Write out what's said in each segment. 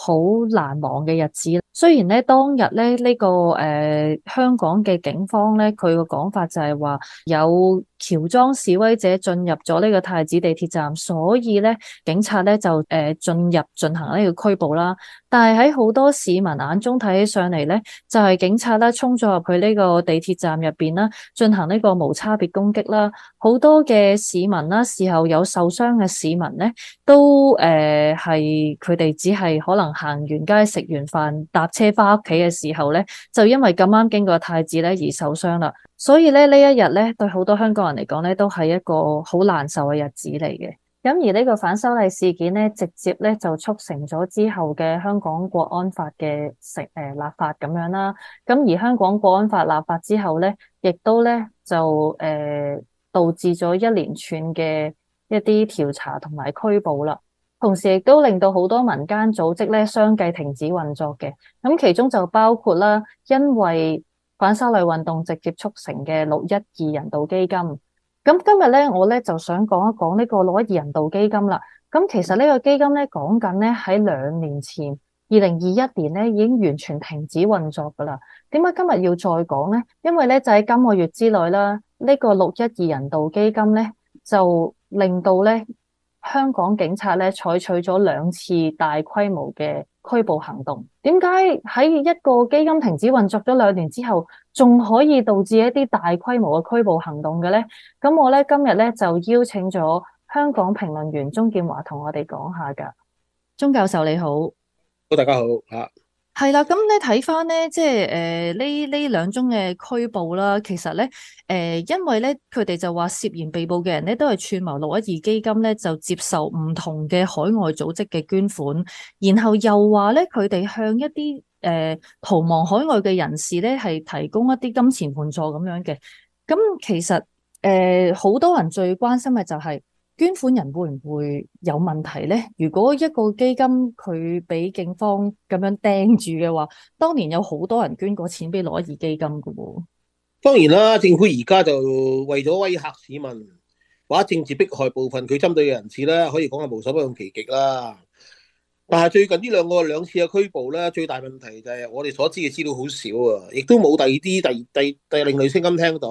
好難忘嘅日子。雖然咧當日咧呢、這個誒、呃、香港嘅警方咧佢個講法就係話有喬裝示威者進入咗呢個太子地鐵站，所以咧警察咧就誒進、呃、入進行呢個拘捕啦。但係喺好多市民眼中睇起上嚟咧，就係、是、警察啦衝咗入去呢個地鐵站入邊啦，進行呢個無差別攻擊啦。好多嘅市民啦，事後有受傷嘅市民咧。都誒係佢哋只係可能行完街，食完飯，搭車返屋企嘅時候咧，就因為咁啱經過太子咧而受傷啦。所以咧呢一日咧對好多香港人嚟講咧都係一個好難受嘅日子嚟嘅。咁而呢個反修例事件咧，直接咧就促成咗之後嘅香港國安法嘅成誒、呃、立法咁樣啦。咁而香港國安法立法之後咧，亦都咧就誒、呃、導致咗一連串嘅。一啲調查同埋拘捕啦，同時亦都令到好多民間組織咧相繼停止運作嘅。咁其中就包括啦，因為反修例運動直接促成嘅六一二人道基金。咁今日咧，我咧就想講一講呢個六一二人道基金啦。咁其實呢個基金咧講緊咧喺兩年前，二零二一年咧已經完全停止運作噶啦。點解今日要再講咧？因為咧就喺今個月之內啦，呢個六一二人道基金咧就。令到咧香港警察咧採取咗兩次大規模嘅拘捕行動。點解喺一個基金停止運作咗兩年之後，仲可以導致一啲大規模嘅拘捕行動嘅咧？咁我咧今日咧就邀請咗香港評論員鍾建華同我哋講下㗎。鍾教授你好，好大家好啊。係啦，咁咧睇翻咧，即係誒呢呢兩宗嘅拘捕啦，其實咧誒、呃，因為咧佢哋就話涉嫌被捕嘅人咧都係串謀六一二基金咧，就接受唔同嘅海外組織嘅捐款，然後又話咧佢哋向一啲誒、呃、逃亡海外嘅人士咧係提供一啲金錢援助咁樣嘅，咁、嗯、其實誒好、呃、多人最關心嘅就係、是。捐款人會唔會有問題咧？如果一個基金佢俾警方咁樣釘住嘅話，當年有好多人捐過錢俾612基金嘅喎。當然啦，政府而家就為咗威嚇市民，或者政治迫害部分佢針對嘅人士咧，可以講係無所不用其極啦。但係最近呢兩個兩次嘅拘捕咧，最大問題就係我哋所知嘅資料好少啊，亦都冇第二啲第二第第另類聲音聽到。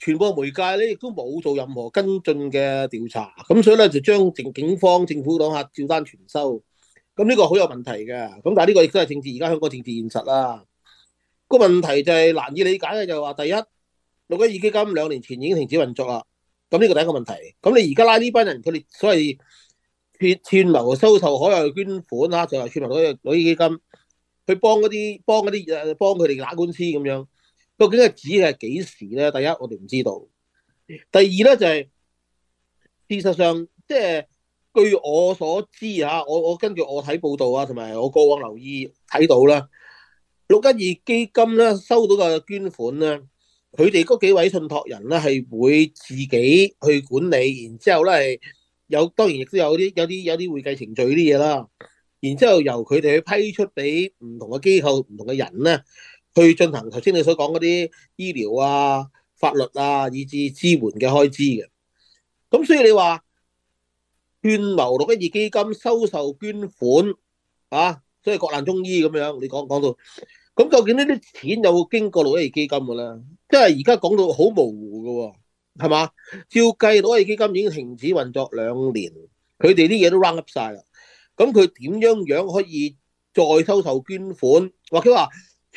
全國媒介咧亦都冇做任何跟進嘅調查，咁所以咧就將政警方政府黨下照單全收，咁呢個好有問題嘅。咁但係呢個亦都係政治，而家香港政治現實啊。個問題就係、是、難以理解嘅，就話第一六一二基金兩年前已經停止運作啦，咁呢個第一個問題。咁你而家拉呢班人，佢哋所謂串串謀收受海外捐款啦，就係串謀攞攞啲基金去幫嗰啲幫啲誒幫佢哋打官司咁樣，究竟係指係幾時咧？第一，我哋唔知道；第二咧就係事實上，即係據我所知啊，我我根據我睇報道啊，同埋我過往留意睇到啦，612基金咧收到嘅捐款咧，佢哋嗰幾位信託人咧係會自己去管理，然之後咧係有當然亦都有啲有啲有啲會計程序啲嘢啦，然之後由佢哋去批出俾唔同嘅機構、唔同嘅人咧。去進行頭先你所講嗰啲醫療啊、法律啊，以至支援嘅開支嘅。咁所以你話串謀六一二基金收受捐款啊，所以國難中醫咁樣。你講講到，咁究竟呢啲錢有冇經過六一二基金嘅咧？即係而家講到好模糊嘅，係嘛？照計六一二基金已經停止運作兩年，佢哋啲嘢都 run up 曬啦。咁佢點樣樣可以再收受捐款？或者話？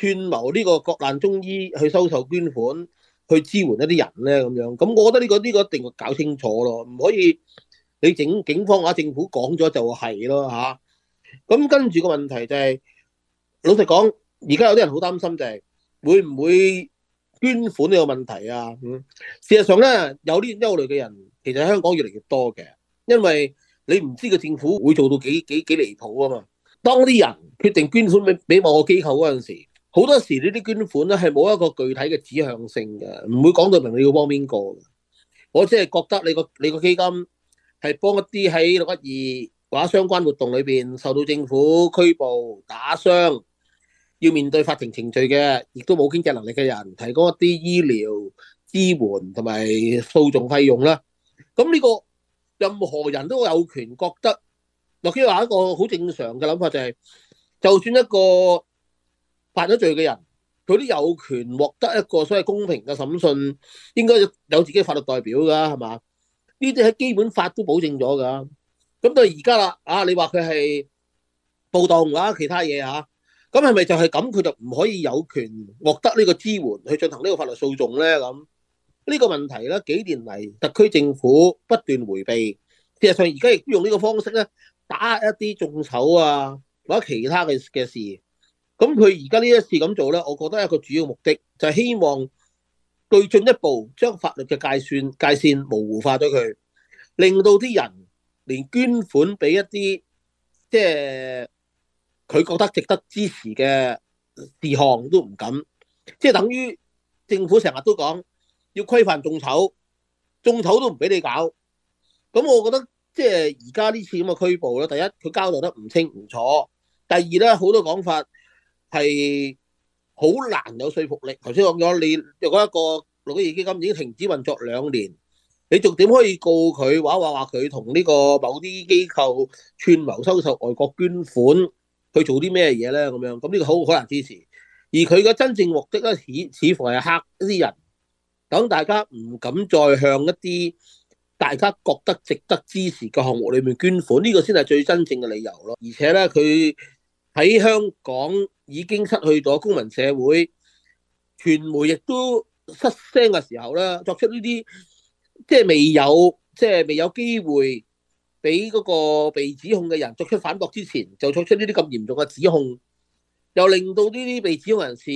串謀呢個國難中醫去收受捐款，去支援一啲人咧咁樣。咁我覺得呢、呢個呢、呢個一定搞清楚咯，唔可以你整警方或者政府講咗就係咯吓，咁、啊、跟住個問題就係、是，老實講，而家有啲人好擔心就係會唔會捐款呢個問題啊？嗯、事實上咧，有啲憂慮嘅人其實香港越嚟越多嘅，因為你唔知個政府會做到幾幾幾離譜啊嘛。當啲人決定捐款俾俾某個機構嗰陣時，好多時呢啲捐款咧係冇一個具體嘅指向性嘅，唔會講到明你要幫邊個。我只係覺得你個你個基金係幫一啲喺六一二或者相關活動裏邊受到政府拘捕、打傷，要面對法庭程序嘅，亦都冇經濟能力嘅人，提供一啲醫療支援同埋訴訟費用啦。咁呢個任何人都有權覺得，即係話一個好正常嘅諗法就係，就算一個犯咗罪嘅人，佢都有權獲得一個所謂公平嘅審訊，應該有自己嘅法律代表㗎，係嘛？呢啲係基本法都保證咗㗎。咁到而家啦，啊，你話佢係暴動嘅、啊、話，其他嘢嚇、啊，咁係咪就係咁？佢就唔可以有權獲得呢個支援去進行呢個法律訴訟咧？咁呢個問題咧，幾年嚟特區政府不斷迴避，事實上而家亦都用呢個方式咧，打一啲眾籌啊，或者其他嘅嘅事。咁佢而家呢一次咁做咧，我覺得一個主要目的就係希望對進一步將法律嘅界線界線模糊化咗佢，令到啲人連捐款俾一啲即係佢覺得值得支持嘅事項都唔敢，即係等於政府成日都講要規範眾籌，眾籌都唔俾你搞。咁我覺得即係而家呢次咁嘅拘捕咧，第一佢交代得唔清唔楚，第二咧好多講法，係好難有說服力。頭先講咗，你若果一個612基金已經停止運作兩年，你仲點可以告佢話話話佢同呢個某啲機構串謀收受外國捐款去做啲咩嘢咧？咁樣咁呢個好難支持。而佢嘅真正目的咧，似似乎係嚇啲人，等大家唔敢再向一啲大家覺得值得支持嘅項目裏面捐款。呢個先係最真正嘅理由咯。而且咧，佢喺香港。已經失去咗公民社會，傳媒亦都失聲嘅時候咧，作出呢啲即係未有，即係未有機會俾嗰個被指控嘅人作出反駁之前，就作出呢啲咁嚴重嘅指控，又令到呢啲被指控人士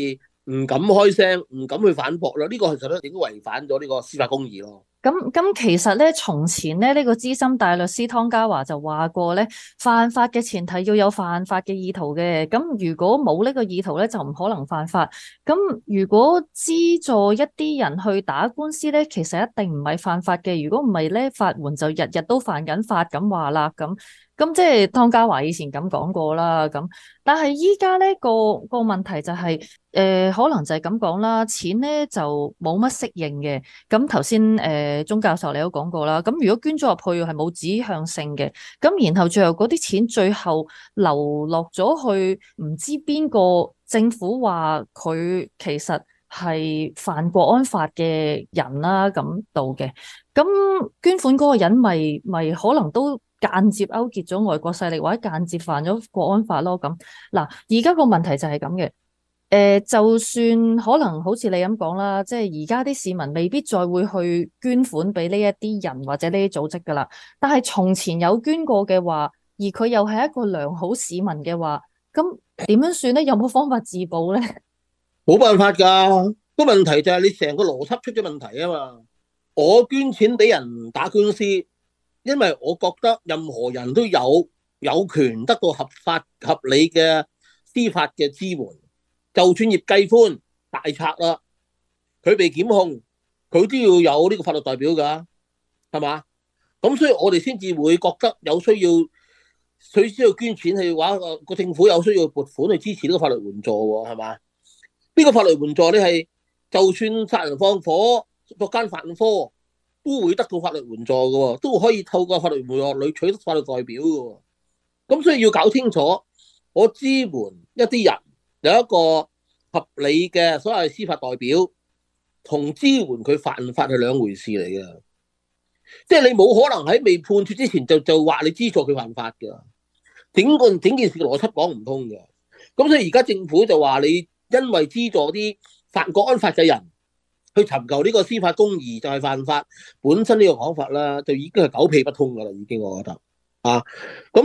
唔敢開聲，唔敢去反駁啦。呢個其實質上已經違反咗呢個司法公義咯。咁咁其實咧，從前咧，呢個資深大律師湯家驊就話過咧，犯法嘅前提要有犯法嘅意圖嘅。咁如果冇呢個意圖咧，就唔可能犯法。咁如果資助一啲人去打官司咧，其實一定唔係犯法嘅。如果唔係咧，法援就日日都犯緊法咁話啦。咁咁即係湯家驊以前咁講過啦，咁但係依家咧個、那個問題就係、是、誒、呃，可能就係咁講啦，錢咧就冇乜適應嘅。咁頭先誒，鍾、呃、教授你都講過啦，咁如果捐咗入去係冇指向性嘅，咁然後最後嗰啲錢最後流落咗去唔知邊個政府話佢其實係犯國安法嘅人啦咁度嘅，咁捐款嗰個人咪咪可能都。間接勾結咗外國勢力，或者間接犯咗國安法咯咁。嗱，而家個問題就係咁嘅。誒、呃，就算可能好似你咁講啦，即係而家啲市民未必再會去捐款俾呢一啲人或者呢啲組織㗎啦。但係從前有捐過嘅話，而佢又係一個良好市民嘅話，咁點樣算呢？有冇方法自保呢？冇辦法㗎，個問題就係你成個邏輯出咗問題啊嘛。我捐錢俾人打官司。因為我覺得任何人都有有權得到合法合理嘅司法嘅支援，就算葉繼歡大賊啦，佢被檢控，佢都要有呢個法律代表㗎，係嘛？咁所以我哋先至會覺得有需要，佢需要捐錢去話個政府有需要撥款去支持呢個法律援助喎，係嘛？邊個法律援助咧？係就算殺人放火作奸犯科，都會得到法律援助嘅喎、哦，都可以透過法律援助裏取得法律代表嘅喎、哦。咁所以要搞清楚，我支援一啲人有一個合理嘅所謂司法代表，同支援佢犯法係兩回事嚟嘅。即係你冇可能喺未判決之前就就話你資助佢犯法嘅，整個整件事嘅邏輯講唔通嘅。咁所以而家政府就話你因為資助啲犯國安法嘅人，去尋求呢個司法公義就係犯法本身呢個講法啦，就已經係狗屁不通㗎啦，已經我覺得啊。咁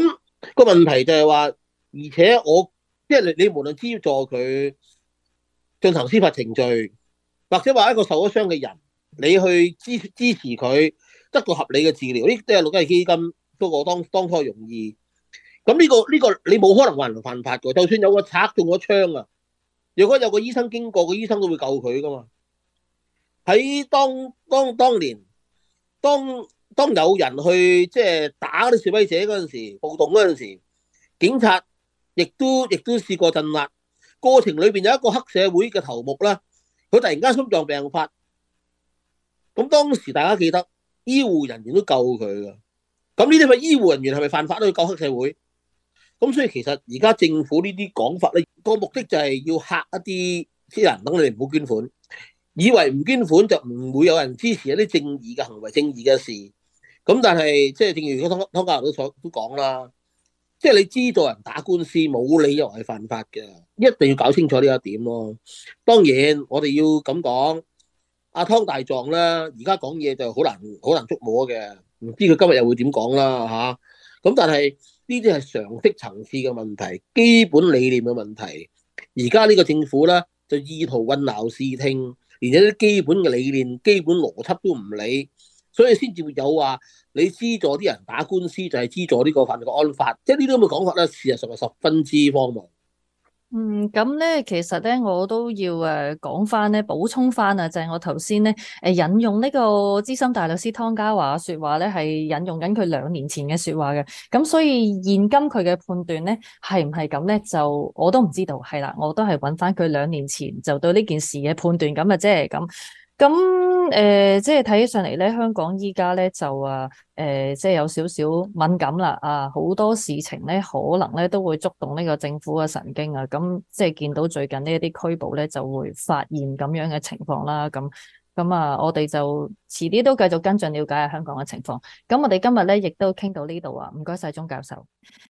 個問題就係話，而且我即係你，你無論資助佢進行司法程序，或者話一個受咗傷嘅人，你去支支持佢得到合理嘅治療，呢啲都係612嘅基金，不過我當當初容易。咁呢個呢個你冇可能話人犯法㗎，就算有個賊中咗槍啊，如果有個醫生經過，個醫生都會救佢㗎嘛。喺當當當年，當當有人去即係、就是、打啲示威者嗰陣時，暴動嗰陣時，警察亦都亦都試過鎮壓。過程裏邊有一個黑社會嘅頭目啦，佢突然間心臟病發，咁當時大家記得醫護人員都救佢噶。咁呢啲咪醫護人員係咪犯法都去救黑社會？咁所以其實而家政府呢啲講法咧，個目的就係要吓一啲啲人，等你哋唔好捐款，以為唔捐款就唔會有人支持一啲正義嘅行為、正義嘅事，咁但係即係正如湯湯家驊都所都講啦，即、就、係、是、你資助人打官司冇理由係犯法嘅，一定要搞清楚呢一點咯。當然我哋要咁講阿湯大狀啦，而家講嘢就好難好難捉摸嘅，唔知佢今日又會點講啦吓。咁、啊、但係呢啲係常識層次嘅問題、基本理念嘅問題，而家呢個政府咧就意圖混淆視聽。而且啲基本嘅理念、基本邏輯都唔理，所以先至會有話你資助啲人打官司就係資助呢個法律嘅安法，即係呢啲咁嘅講法咧，事實上係十分之荒謬。嗯，咁咧，其實咧，我都要誒講翻咧，補充翻啊，就係、是、我頭先咧誒引用呢個資深大律師湯家驊說話咧，係引用緊佢兩年前嘅說話嘅，咁所以現今佢嘅判斷咧係唔係咁咧，就我都唔知道，係啦，我都係揾翻佢兩年前就對呢件事嘅判斷咁啊，即係咁。咁誒，即係睇起上嚟咧，香港依家咧就啊誒，即係有少少敏感啦啊，好多事情咧，可能咧都會觸動呢個政府嘅神經啊。咁即係見到最近呢一啲拘捕咧，就會發現咁樣嘅情況啦。咁咁啊，我哋就遲啲都繼續跟進了解下香港嘅情況。咁我哋今日咧亦都傾到呢度啊，唔該晒鍾教授。